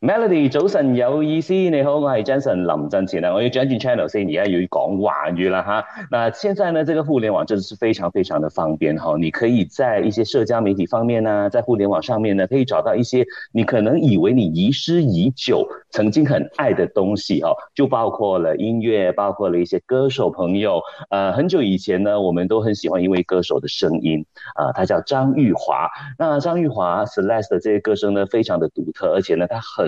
Melody 早晨有意思，你好，我係 Jensen 林振前啊，我要轉一轉 channel 所以你要講華語啦吓。那現在呢？這個互聯網真的是非常非常的方便哈、哦，你可以在一些社交媒體方面啊，在互聯網上面呢，可以找到一些你可能以為你遺失已久、曾經很愛的東西哦，就包括了音樂，包括了一些歌手朋友。呃，很久以前呢，我們都很喜歡一位歌手的聲音，啊、呃，他叫張玉華。那張玉華 Celeste 的這些歌聲呢，非常的獨特，而且呢，他很。